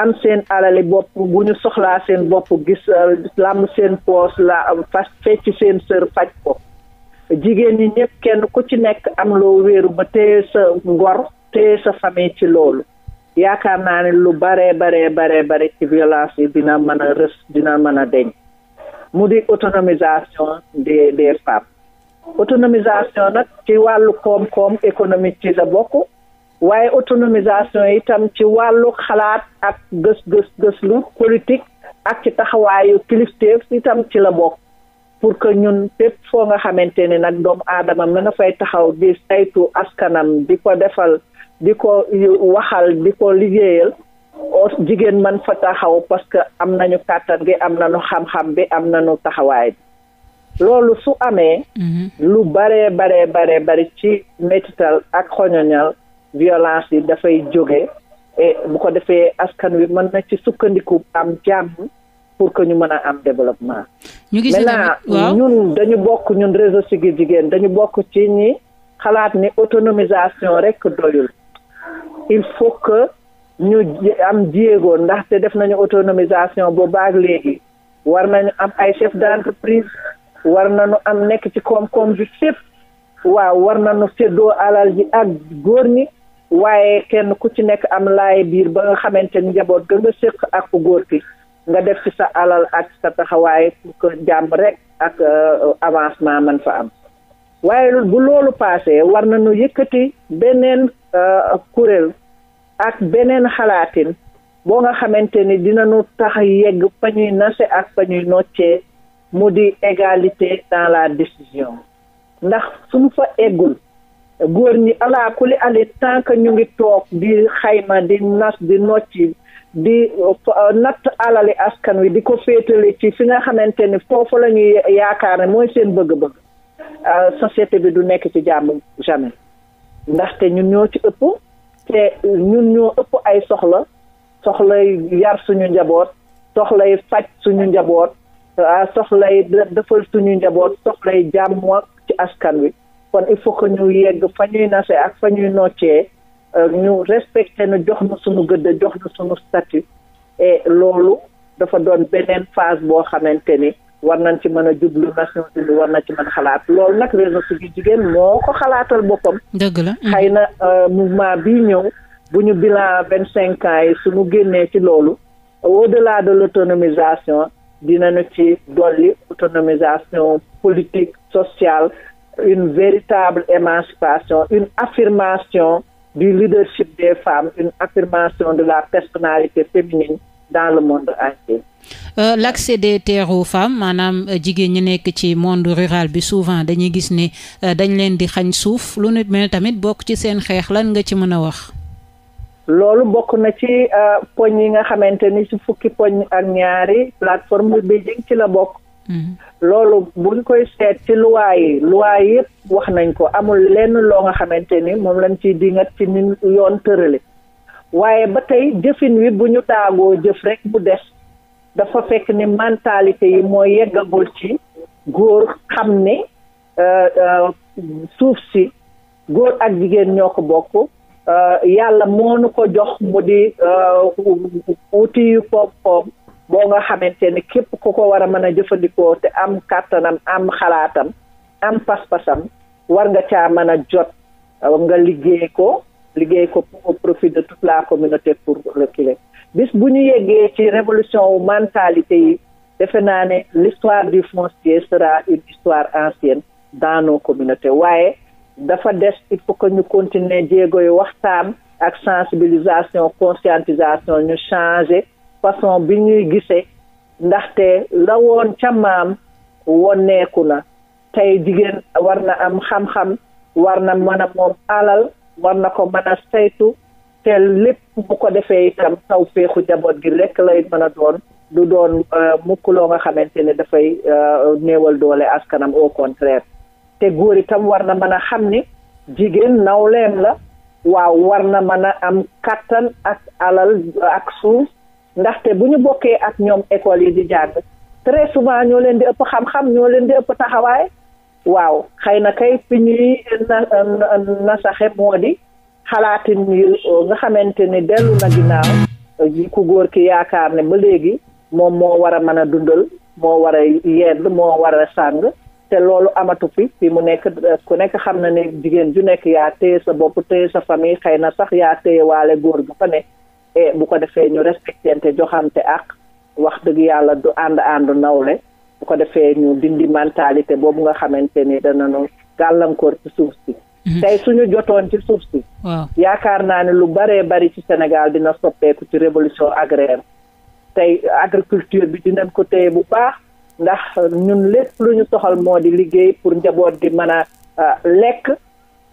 am seen alali bopp bu ñu soxlaa seen bopp gis làmb seen poos la faj fecc seen sër faj ko jigéen ñi ñëpp kenn ku ci nekk am loo wéeru ba téye sa ngor téye sa famille ci loolu yaakaar naa ne lu baree baree baree bare ci violence yi dina mën a rës dina mën a deñ mu di autonomisation des des femmes autonomisation nag ci wàllu koom-koom économique ci la bokk waaye autonomisation itam ci wàllu xalaat ak gës gës gëslu politique ak ci taxawaayu kilifteef itam ci la bokk pour que ñun fépp foo nga xamante ni nag doomu aadama ma nga fay taxaw di saytu askanam di ko defal di ko waxal di ko liggéeyal jigéen man fa taxaw parce que am nañu kàttan gi am nañu xam-xam bi am na ñu taxawaay bi loolu su amee mhm. lu baree baree baree bari ci métital ak xoñoñal violence yi dafay jóge et bu ko defee askan wi mën na ci sukkandiku am jàmm pour que ñu mën a am développement. ñu gis maintenant ñun dañu bokk ñun réseau Siggil Jigéen dañu bokk ci ñi xalaat ni autonomisation rek doyul il faut que ñu am jéego ndaxte def nañu autonomisation boo baag léegi war nañu am ay chef d'entreprise war nañu am nekk ci koom-koom bi fépp waaw war nañu séddoo alal ji ak góor ñi waaye kenn ku ci nekk am laay biir ba nga xamante ni njaboot ga nga séq ak fu góor ki nga def ci sa alal ak sa taxawaay pour que jàmm rek ak euh, avancement man fa am waaye bu loolu paasee war nañu yëkkati beneen euh, kuréel ak beneen xalaatin boo nga xamante ni dinañu tax yegg fa ñuy nase ak fa ñuy noccee mu di égalité dans la décision ndax suñu fa eggul góor ñi alaa kuli ali tant que ñu ngi toog di xayma di nas di nocci di uh, natt alali askan wi di ko féetale ci fi nga xamante ni foofu la ñuy yaakaar ne mooy seen bëgg-bëgg uh, société bi du nekk ci jàmm jamais ndaxte ñun ñoo ci ëpp te ñun ñoo ëpp ay soxla soxlay yar suñu njaboot soxlay faj suñu njaboot uh, soxlay defal suñu njaboot soxlay jàmm ci askan wi kon il faut que ñu yegg fa ñuy nase ak fa ñuy noccee Euh, ñu respecté na jox na suñu gëdd jox na suñu statut et loolu dafa doon beneen phase boo xamante ni war nañ ci mën a jublu Nations na ci man xalaat loolu nag réseau Siggil Jigéen moo ko xalaatal boppam. dëgg la mm. xëy na euh, mouvement bi ñëw bu ñu bilan vingt cinq ans yi suñu génnee ci loolu au-delà de l'autonomisation dinañu ci dolli autonomisation politique sociale une véritable émancipation une affirmation du leadership des femmes, une affirmation de la personnalité féminine dans le monde entier. Euh, l'accès des terres aux maanaam euh, jigéen ñi nekk ci monde rural bi souvent dañuy gis ni euh, dañ leen di xañ suuf lu nit mel tamit bokk ci seen xeex lan nga ci mën a wax. loolu bokk na ci euh, poñ yi nga xamante ni ci fukki poñ ak ñaari plateforme bi Beijing ci la bokk. Mm-hmm. loolu buñ koy seet ci luwaay yi luwaa yi wax nañ ko amul lenn loo nga xamante ni moom lañ ciy dingat ci ni yoon tërale waaye ba tey jëfin wi bu ñu daagoo jëf rekk bu des dafa fekk ni mentalité yi mooy yeggagul ci góor xam ni euh, euh, suuf si góor ak jigéen ñoo ko bokk euh, yàlla moo nu ko jox mu di wuti yu koom boo nga xamante ni képp ku ko war a mën a jëfandikoo te am kàttanam am xalaatam am pas-pasam war nga caa mën a jot euh, nga liggéey ko liggéey ko au profit de toute la communauté pour le climat bis bu ñu yeggee ci révolution wu mentalité yi defe naa ne l'histoire du foncier sera une histoire ancienne dans nos communautés waaye dafa des il faut que ñu continuer jéego yi waxtaan ak sensibilisation conscientisation ñu changer façon bi ñuy gisee ndaxte la woon ca maam woneeku na tey jigéen war na am xam-xam war na mën a moom alal war na ko mën a saytu te lépp bu ko defee itam taw féexu jaboot gi lekk lay mën a doon du doon euh, mukk loo nga xamante ne dafay euh, néewal doole askanam au contraire te góor itam war na mën a xam ni jigéen nawleem la waaw war na mën a am kàttan ak alal ak suuf ndaxte bu ñu bokkee ak ñoom école yi di jàng très souvent ñoo leen di ëpp xam-xam ñoo leen di ëpp taxawaay waaw xëy na kay fi ñuy na saxe moo di xalaatin yu nga xamante ni dellu na ginnaaw ku góor ki yaakaar ne ba léegi moom moo war a mën a dundal moo war a yedd moo war a sàng te loolu amatu fi fi mu nekk ku nekk xam na ne jigéen ju nekk yaa téye sa bopp téye sa famille xëy na sax yaa téye waale góor gu fa ne bu ko defee ñu respecté te joxante ak wax dëgg yàlla du ànd àndu nawle bu ko defee ñu dindi mentalité boobu nga xamante ni danañu gàllankoor ci suuf si mhm. tey suñu jotoon ci suuf si yaakaar naa ne lu baree bari ci Sénégal dina soppeeku ci révolution agraire tey agriculture bi dinañ ko téye bu baax ndax ñun lépp lu ñu soxal moo di liggéey pour njaboot di mën a euh, lekk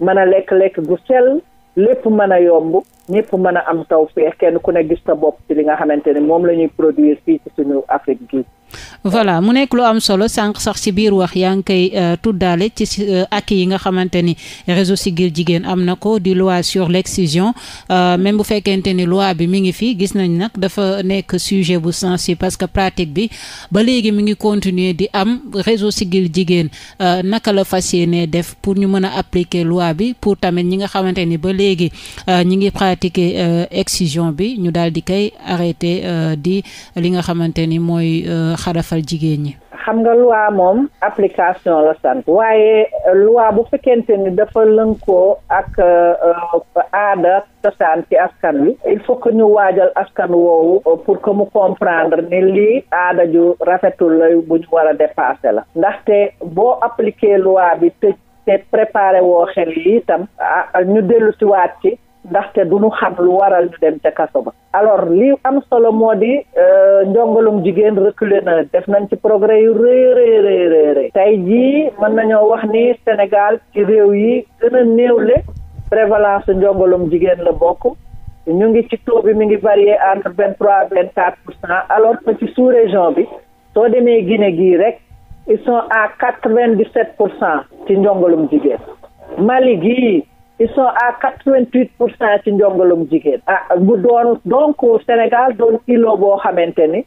mën a lekk-lekk gu sel lépp mën a yomb ñëpp mën a am taw feex kenn ku ne gis sa bopp ci li nga xamante ne moom la ñuy produire fii ci suñu Afrique gi voilà mu nekk lu am solo sànq sax si biir wax yaa ngi koy euh, tuddaale ci euh, ak yi nga xamante ni réseau Siggil Jigéen am na ko di loi sur l'excision euh, même bu fekkente ni loi bi mi ngi fi gis nañ nag dafa nekk sujet bu sensible parce que pratique bi ba léegi mi ngi continuer di am réseau Siggil Jigéen naka la fas yéenee def pour ñu mën a appliquer loi bi pour tamit ñi nga xamante ni ba léegi ñi ngi pratique pratiquer euh, excision bi ñu daal di koy arrêté euh, di li nga xamante ni mooy euh, xarafal jigéen ñi. xam nga loi moom application la sant waaye loi bu fekkente ni dafa lënkoo ak aada cosaan ci askan wi il faut que ñu waajal askan woowu pour que mu comprendre ni lii aada ju rafetul lay bu ñu war a la ndaxte boo appliquer loi bi tëj te préparé woo xel yi itam ah, ñu dellu si waat ci ndaxte du ñu xam lu waral ñu dem ca kaso ba alors li am solo moo di euh, njongolum jigéen reculé na def nañ ci progrès yu rëy rëy rëy rëy tey jii mën nañoo wax ni Sénégal ci réew yi gën a le prévalence njongolum jigéen la bokk ñu ngi ci taux bi mu ngi varié entre vingt trois vingt quatre pour cent alors que ci sous région bi soo demee Guinée gii rek ils sont à quatre vingt dix sept pour cent ci njongolum jigéen Mali gii ils sont à quatre-vingt-huit pour cent ci njongolum jigéen ah bu doon donc Sénégal doon ilo boo xamante ni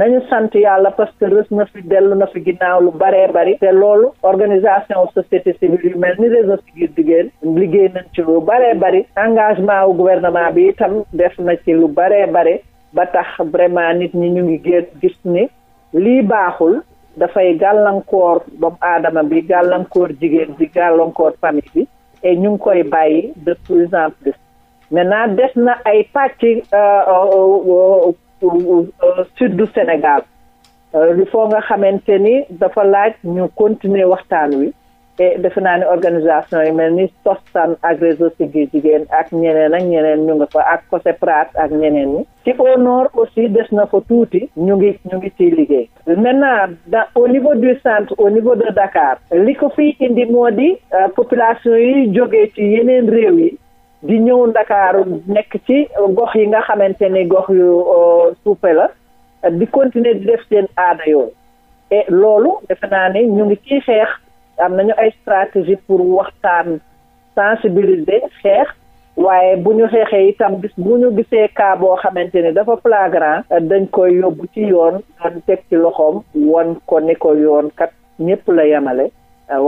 nañu sant yàlla parce que rës na fi dellu na fi ginnaaw lu baree bari te loolu organisation société civile yu mel ni réseau Siggil Jigéen liggéey nañ ci lu baree bari engagement wu gouvernement bi itam def na ci lu baree bari ba tax vraiment nit ñi ñu ngi gën gis ni lii baaxul dafay gàllankoor doomu aadama bi gàllankoor jigéen bi gàllankoor famille bi ñu ngi koy bàyyi de plus en plus maintenant des na ay pàcc euh, euh, euh, sud du Sénégal il faut nga xamante ni dafa laaj ñu continuer waxtaan wi te defe naa ne organisation yi mel ni SOSTAN ak réseau Siggil Jigéen ak ñeneen ak ñeneen ñu nga fa ak COSEPRAT ak ñeneen ñi ci au aussi des na fa tuuti ñu ngi ñu ngi ci liggéey maintenant da au niveau du centre au niveau de Dakar li ko fiy indi moo di euh, population yi jógee ci yeneen réew yi di ñëw ndakaaru nekk ci gox yi nga xamante ni gox yu euh, suufe la di continuer di def seen aada yooyu et loolu defe naa ñu ngi ciy xeex am nañu ay stratégie pour waxtaan sensibiliser xeex waaye bu ñu xeexee itam bis bu ñu gisee cas boo xamante ni dafa flagrant dañ koy yóbbu ci yoon daan teg ci loxoom wan ko ni ko yoon kat ñëpp la yemale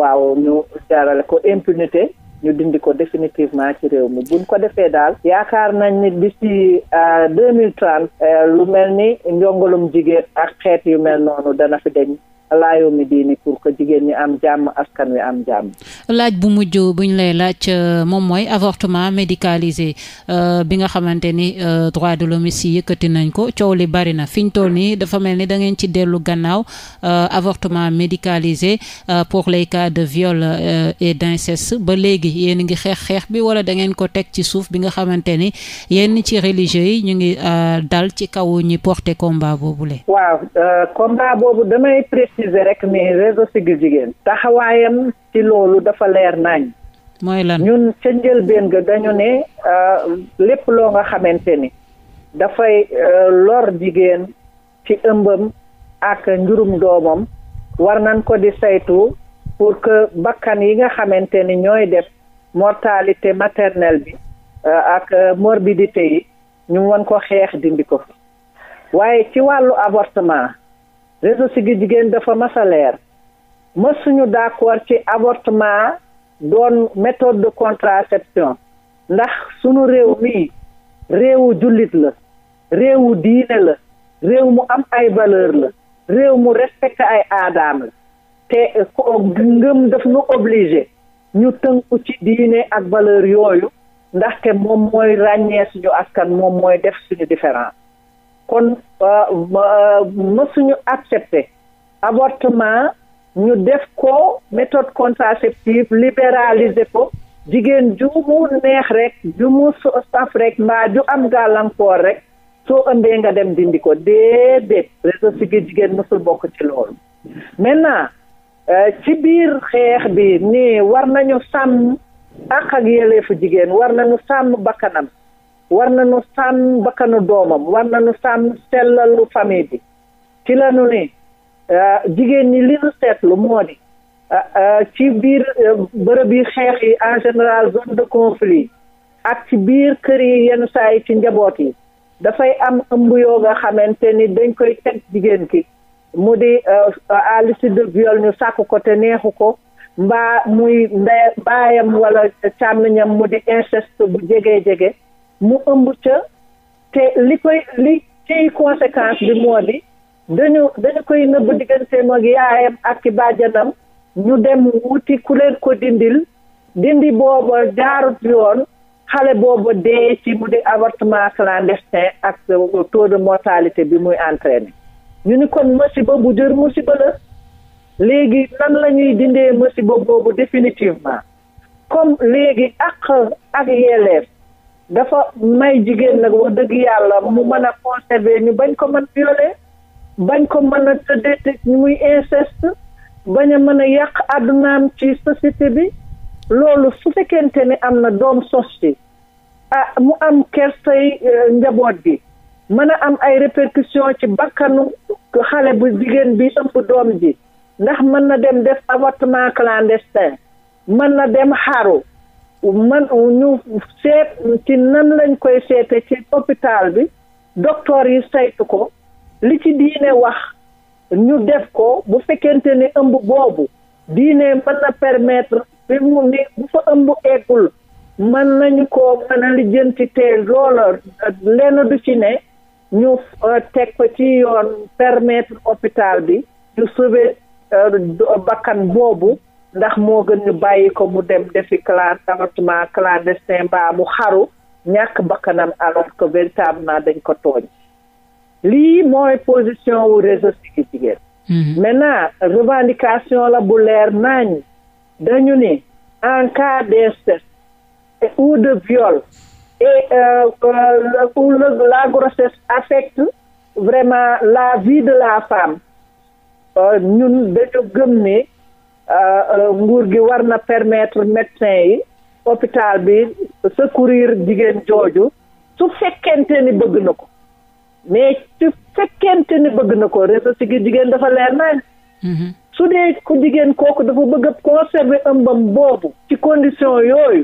waaw ñu jaarale ko impunité ñu dindi ko définitivement ci réew mi buñ ko defee daal yaakaar nañ nit ni d'ici euh, deux mille trente euh, lu mel ni njongolum jigéen ak xeet yu mel noonu dana fi deñ laayo mi diini pour que jigéen ñi am jàmm askan wi am jàmm. laaj bu mujj bu lay laaj euh, moom mooy avortement médicalisé euh, bi nga xamante ni euh, droit de l'homme si yëkkati nañ ko coow li bari na fi ñu toll nii dafa mel ni da ngeen ci dellu gannaaw avortement médicalisé pour les cas de viol et d'inceste ba léegi yéen ngi xeex xeex bi wala da ngeen ko teg ci suuf bi nga xamante ni yenn ci religieux yi ñu ngi dal ci kaw ñi porter combat boobule. boobu damay préciser rek ne réseau Siggil Jigéen taxawaayam ci loolu dafa leer nañ ñun ca njëlbéen ga dañu ne euh, lépp loo nga xamante ni dafay euh, lor jigéen ci ëmbam ak njurum doomam war nañ ko di saytu pour que bakkan yi nga xamante ni ñooy def mortalité maternelle bi euh, ak morbidité yi ñu wan ko xeex dindi ko waaye ci wàllu avortement réseau Siggil Jigéen dafa mas a suñu mësuñu d'accord ci avortement doon méthode de contraception ndax suñu réew mii réewu jullit la réewu diine la réew mu am ay valeur la réew mu respecté ay aadaam la te eh, ngëm daf nu obligé ñu tënku ci diine ak valeur yooyu ndaxte moom mooy ràññee suñu askan moom mooy def suñu différence kon euh, euh, mësuñu accepter avortement ñu def ko méthode contraceptive libéraliser ko jigéen ju mu neex rek ju mu saf rek mbaa ju am gàllankoor rek soo ëmbee nga dem dindi ko déedéet réseau Siggil Jigéen mësul bokk ci loolu maintenant euh, ci biir xeex bi ni war nañu sàmm àq jigéen war nañu sàmm bakkanam war nañu sànn bakkanu doomam war nañu sàmm sellalu famille bi ci lañu ne euh, jigéen ñi li ñu seetlu moo di euh, euh, ci biir bërëb yi xeex yi en général zone de conflit ak ci biir kër yi yenn saa ci njaboot yi dafay am ëmb yoo nga xamante ni dañ koy teg jigéen ki mu di à l'issue de viol ñu sàkk ko te neexu ko mbaa muy ndey baayam wala càmmiñam mu di inceste bu jege jege mu ëmb ca te li koy li ciy conséquence bi moo di dañu dañu koy nëbb digganteem ak yaayam ak ci bàjjanam ñu dem wuti ku leen ko dindil dindi booba jaarut yoon xale boobu dee ci mu di avortement clandestin ak taux de mortalité bi muy entraîné ñu ni kon musiba bu jur musiba la léegi nan lañuy ñuy dindee musiba boobu définitivement comme léegi ak ak yelleef dafa may jigéen nag wax dëgg yàlla mu mën a conserver ñu bañ ko mën violer bañ ko mën a tëddee ñu muy inceste bañ a mën a yàq àddunaam ci société bi loolu su fekkente ni am na doom sos ci ah mu am kersay euh, njaboot bi mën a am ay répercussions ci bakkanu xale bu jigéen bi ëmb doom ji ndax mën na dem def avortement clandestin mën na dem xaru man ñu seet ci nan lañ koy seete ci hôpital bi docteur yi saytu ko li ci diine wax ñu def ko bu fekkente ni ëmb boobu diine mën na permettre bi bu fa ëmb eggul mën nañu ko mën a lijjanti te loola lenn du ci ne ñu euh, teg ko ci yoon permettre hôpital bi ñu sauver euh, bakkan boobu ndax moo gën ñu bàyyi ko mu dem defi clan avortement clandestin mbaa mu xaru ñàkk bakkanam alors que véritablement dañ ko tooñ lii mooy position wu réseau Siggil Jigéen mhm. maintenant revendication la bu leer nañ dañu ni en cas d'inceste ou de viol et euh, euh, la grossesse affecte vraiment la vie de la femme euh, ñun dañu gëm ne Euh, euh, nguur gi war na permettre médecin yi hôpital bi secourir jigéen jooju su fekkente ni bëgg na ko mais su fekkente ni bëgg na ko réseau si jigéen dafa leer nañ mhm. su dee ku jigéen kooku dafa bëgg a conserver ëmbam boobu ci condition yooyu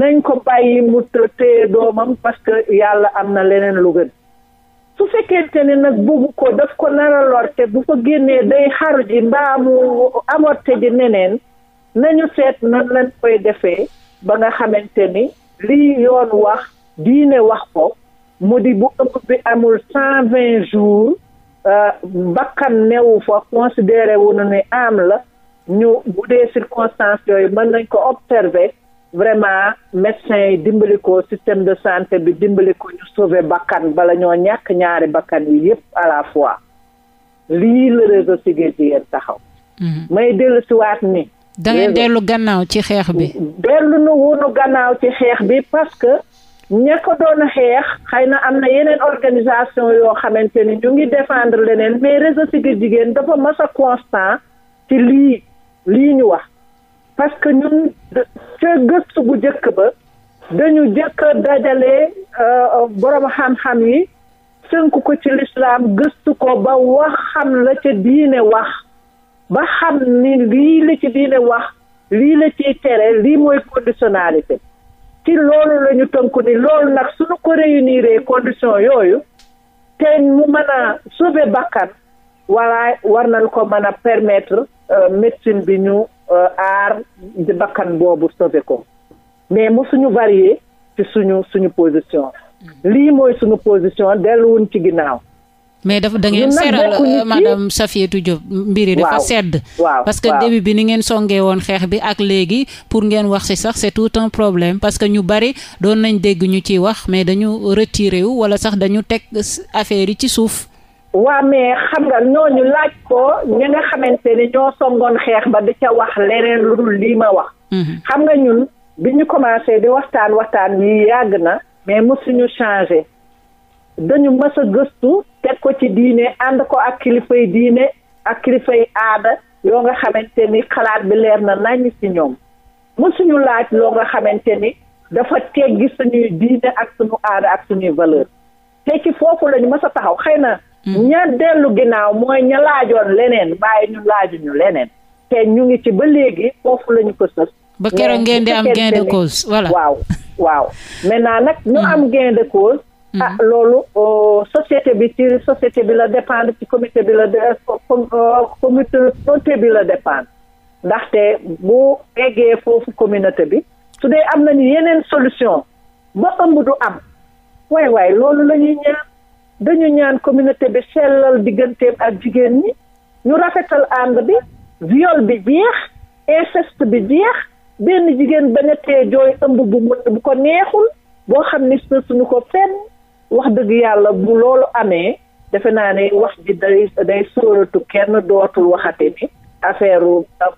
nañ ko bàyyi mu téye doomam parce que yàlla am na leneen lu gën su fekkente ni nag boobu ko daf ko nara te bu ko génnee day xaru ji mbaa mu amorte ji neneen nañu seet nan lañ koy defee ba nga xamante ni lii yoon wax diine wax ko mu di bu ëmb bi amul cent vingt jours mbakkan euh, newu fa considéré wu na ne am la ñu bu dee circonstances yooyu mën nañ ko observer vraiment médecin yi dimbali ko système de santé bi dimbali ko ñu sauver bakkan bala ñoo ñàkk ñaari bakkan yi yépp à la fois lii la réseau Siggil Jigéen taxaw. Mhm. may dell si waat ni. da ngeen dellu gannaaw ci xeex bi. dellu nu wunu gannaaw ci xeex bi parce que ña ko doon xeex xëy na am na yeneen organisation yoo xamante ni ñu ngi défendre leneen mais réseau Siggil Jigéen dafa mas a constant ci lii lii ñu wax. parce que ñun ca gëstu bu jëkk ba dañu jëkk a dajale euh, borom xam-xam yi sënk ko ci lislaam gëstu ko ba wax xam la ca diine wax ba xam ni lii la ci diine wax lii la ciy tere lii mooy conditionnalité ci loolu lañu ñu tënku ni loolu nag suñu ko réunir condition yooyu te mu mën a sauver bakkan wala war nañ ko mën a permettre euh, médecine bi ñu Euh, aar bakkan boobu sauver ko mais mosuñu varier ci suñu suñu position mm-hmm. lii mooy suñu position delluwuñ ci ginnaaw. mais dafa da ngeen seeral euh, madame Safiétou Diop mbir yi dafa sedd parce que début bi ni ngeen songee woon xeex bi ak léegi pour ngeen wax ci sax c'est tout un problème parce que ñu bari doon nañ dégg ñu ciy wax mais dañu retiré wu wala sax dañu teg affaire yi ci suuf waa mais xam nga ñooñu laaj ko ñi nga xamante ni ñoo songoon xeex ba di ca wax leneen lu dul lii ma wax. Mhm. xam nga ñun bi ñu commencé di waxtaan waxtaan wi yàgg na mais suñu changé dañu mës a gëstu teg ko ci diine ànd ko ak kilifay diine ak kilifay aada yoo nga xamante ni xalaat bi leer na nañ ci ñoom suñu laaj loo nga xamante ni dafa teggi suñuy diine ak suñu aada ak suñuy valeur te ci foofu lañu mës taxaw xëy na. Mm. ña dellu ginnaaw mooy ña laajoon leneen waaye ñu laajuñu leneen te ñu ngi ci ba léegi foofu la ñu ko sës ba keroog ngeen di am gain de cause voilà waaw waaw maintenant nag ñu mm. am gain de cause mm. ah loolu euh, société bi ci société bi la dépendre ci comité bi la euh, communauté euh, bi la dépendre ndaxte boo eggee foofu communauté bi su dee am nañu yeneen solution ba ëmb du am waay waay loolu la ñuy dañu ñaan communauté bi sellal digganteem ak jigéen ñi ñu rafetal ànd bi viol bi jeex inceste bi jeex benn jigéen bañ a tee jooy ëmb bu bu ko neexul boo xam ni suñu ko fenn wax dëgg yàlla bu loolu amee defe naa ne wax ji day day sóoratu kenn dootul waxate ni affaire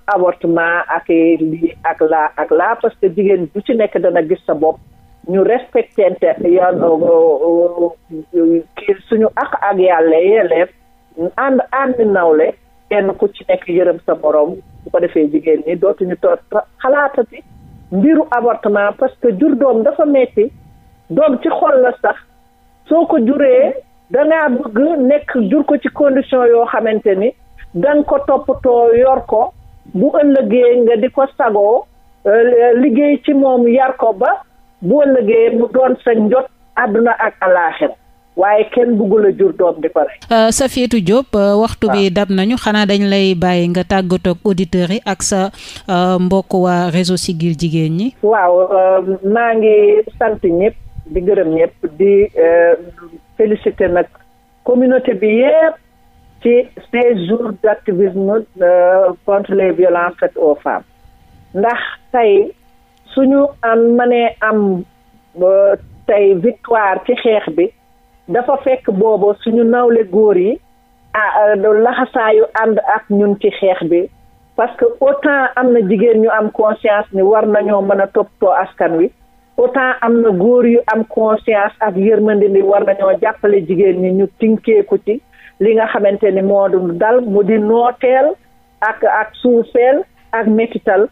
avortement ak lii ak laa ak laa parce que jigéen bu ci nekk dana gis sa bopp ñu respectente yan euh, euh, euh, kii suñu ak ak yàlla yelleef ànd ànd nawle kenn ku ci nekk yërëm sa morom bu ko defee jigéen ñi dootuñu toog xalaatati mbiru avortement parce que jur doom dafa metti doom ci xol la sax soo ko juree dangaa bëgg nekk jur ko ci condition yoo xamante ni danga ko toppatoo yor ko bu ëllëgee nga di ko sagoo liggéey ci moom yar ko ba bu ëllëgee mu doon sa njot àdduna ak alaaxira waaye kenn bëggul a jur doom di ko rey. Euh, Safietou Diop euh, waxtu bi ah. dab nañu xanaa dañ lay bàyyi nga tàggatook auditeurs yi ak sa euh, mbokk waa réseau Siggil jigéen ñi. waaw maa ngi sant ñëpp di gërëm ñëpp di féliciter nag communauté bi yëpp ci seize jours d'activisme contre les violences faites aux femmes ndax tey. suñu am mënee am tey victoire ci xeex bi dafa fekk boobu suñu nawle góor yi ah laxasaayu ànd ak ñun ci xeex bi parce que autant am na jigéen ñu am conscience ni war nañoo mën a toppatoo askan wi autant am na góor yu am conscience ak yërmande ni war nañoo jàppale jigéen ñi ñu tinkeeku ci li nga xamante ni moo dal mu di nooteel ak ak suufeel ak métital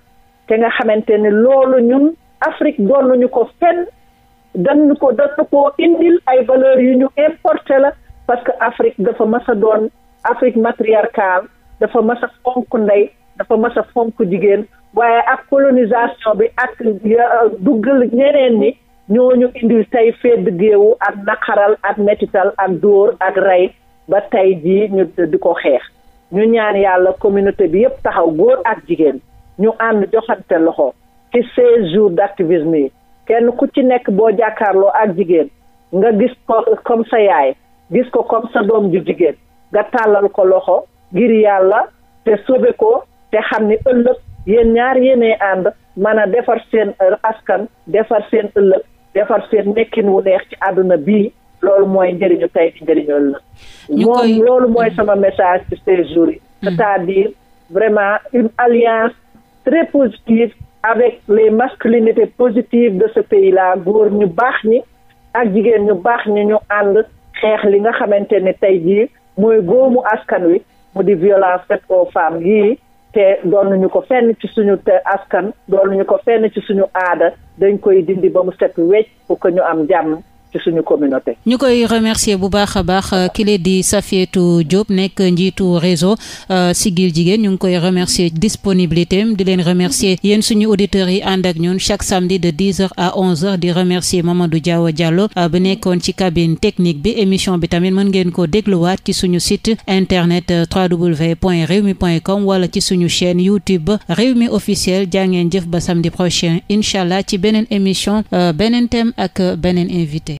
te nga xamante ne loolu ñun Afrique doon donnuñu ko fenn dañu ko dañu ko indil ay valeurs yu ñu importé la parce que Afrique dafa mas a doon Afrique matriarcale dafa mas a fonk ndey dafa mas a fonk jigéen waaye ak colonisation bi ak duggal ñeneen ñi ñooñu indil tey fedd géewu ak naqaral ak metital ak dóor ak rey ba tey jii ñu di ko xeex ñu ñaan yàlla communauté bi yépp taxaw góor ak jigéen ñu ànd joxante loxo ci seize jours d'activisme yi kenn ku ci nekk boo jàkkaarloo ak jigéen nga gis ko comme sa yaay gis ko comme sa doom ju jigéen nga tàllal ko loxo ngir yàlla te sobe ko te xam ni ëllëg yéen ñaar yéenee ànd mën a defar seen askan defar seen ëllëg defar seen nekkin wu neex ci àdduna bi loolu mooy njëriñu tey ci njëriñu ëllëg moom loolu mooy mm. sama message ci ces jours yi mm. c'est-à-dire vraiment une alliance très positive avec les masculinités positives de ce pays-là góor ñu baax ñi ak jigéen ñu baax ñi ñu ànd xeex li nga xamante ne tey jii mooy góomu askan wi mu di violence faite aux femmes yii te doonuñu ko fenn ci suñu te askan doonuñu ko fenn ci suñu aada dañ koy dindi ba mu set wecc pour ko ñu am jàmm ci suñu communauté. ñu koy remercier bu baax a baax euh, kile di Safiétou Diop nekk njiitu réseau euh, Siggil Jigéen ñu ngi koy remercier disponibilité di leen remercier yéen suñu auditeurs yi ànd ak ñoon chaque samedi de 10h à 11h di remercier Mamadou Diaw Diallo euh, ba nekkoon ci cabine technique bi émission bi tamit mën ngeen ko dégluwaat ci suñu site internet www.rewmi.com wala ci suñu chaîne YouTube Rewmi officiel jaa ngeen jëf ba samedi prochain incha allah ci beneen émission beneen thème ak beneen invité.